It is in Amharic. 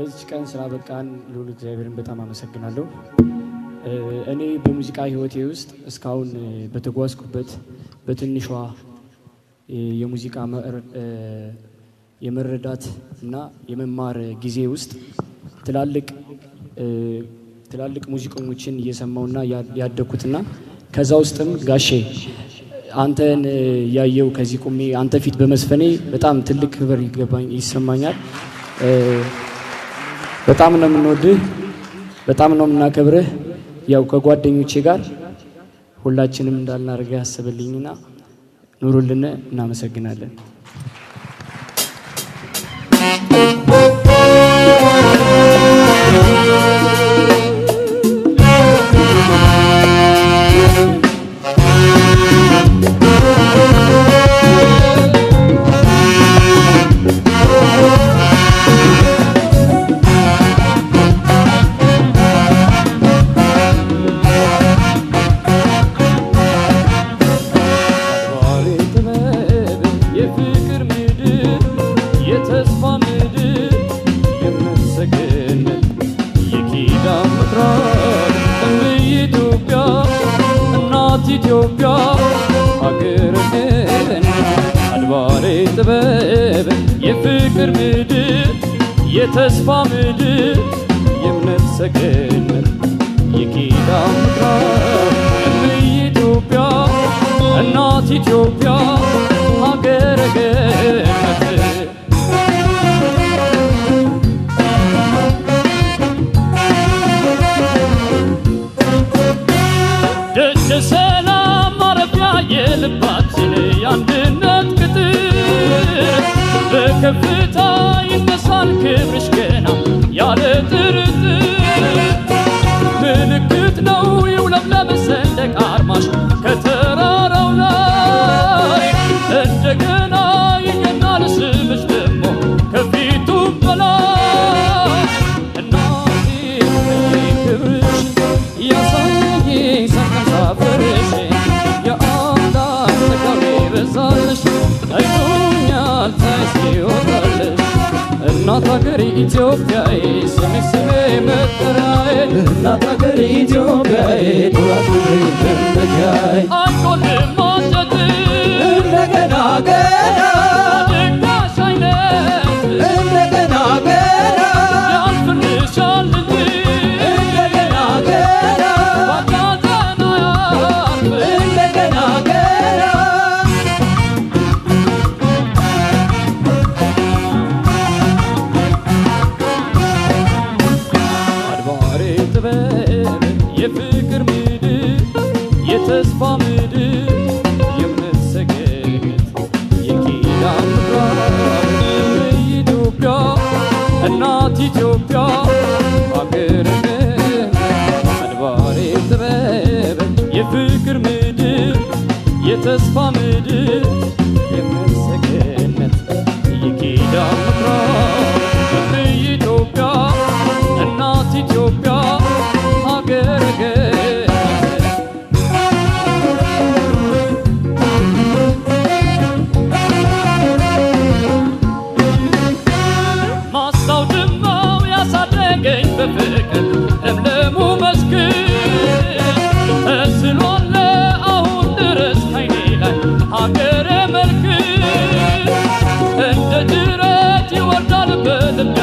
ለዚች ቀን ስላበቃን ልዑል እግዚአብሔርን በጣም አመሰግናለሁ። እኔ በሙዚቃ ህይወቴ ውስጥ እስካሁን በተጓዝኩበት በትንሿ የሙዚቃ የመረዳት እና የመማር ጊዜ ውስጥ ትላልቅ ትላልቅ ሙዚቀኞችን እየሰማውና ያደግኩትና ከዛ ውስጥም ጋሼ አንተን ያየው ከዚህ ቁሜ አንተ ፊት በመስፈኔ በጣም ትልቅ ክብር ይገባኝ ይሰማኛል። በጣም ነው የምንወድህ፣ በጣም ነው የምናከብርህ። ያው ከጓደኞቼ ጋር ሁላችንም እንዳልናደርገህ ያስብልኝና ኑሩልን። እናመሰግናለን። ኢትዮጵያ ሀገርህን አድባሬ ጥበብ የፍቅር ምድር የተስፋ ምድር የእምነት ሰገነት የኪዳን ምድር እም ኢትዮጵያ እናት ኢትዮጵያ ሀገር ኢትዮጵያዬ ስሜ ስሜ መጠራዬ እናት ሀገር ኢትዮጵያዬ እንደገና ተስፋ ምድር የምትሰገድ የኪዳን ምድር ኢትዮጵያ እናት ኢትዮጵያ አገር አድባሬ ጥበብ የፍቅር ምድር የተስፋ ምድር bird, the bird.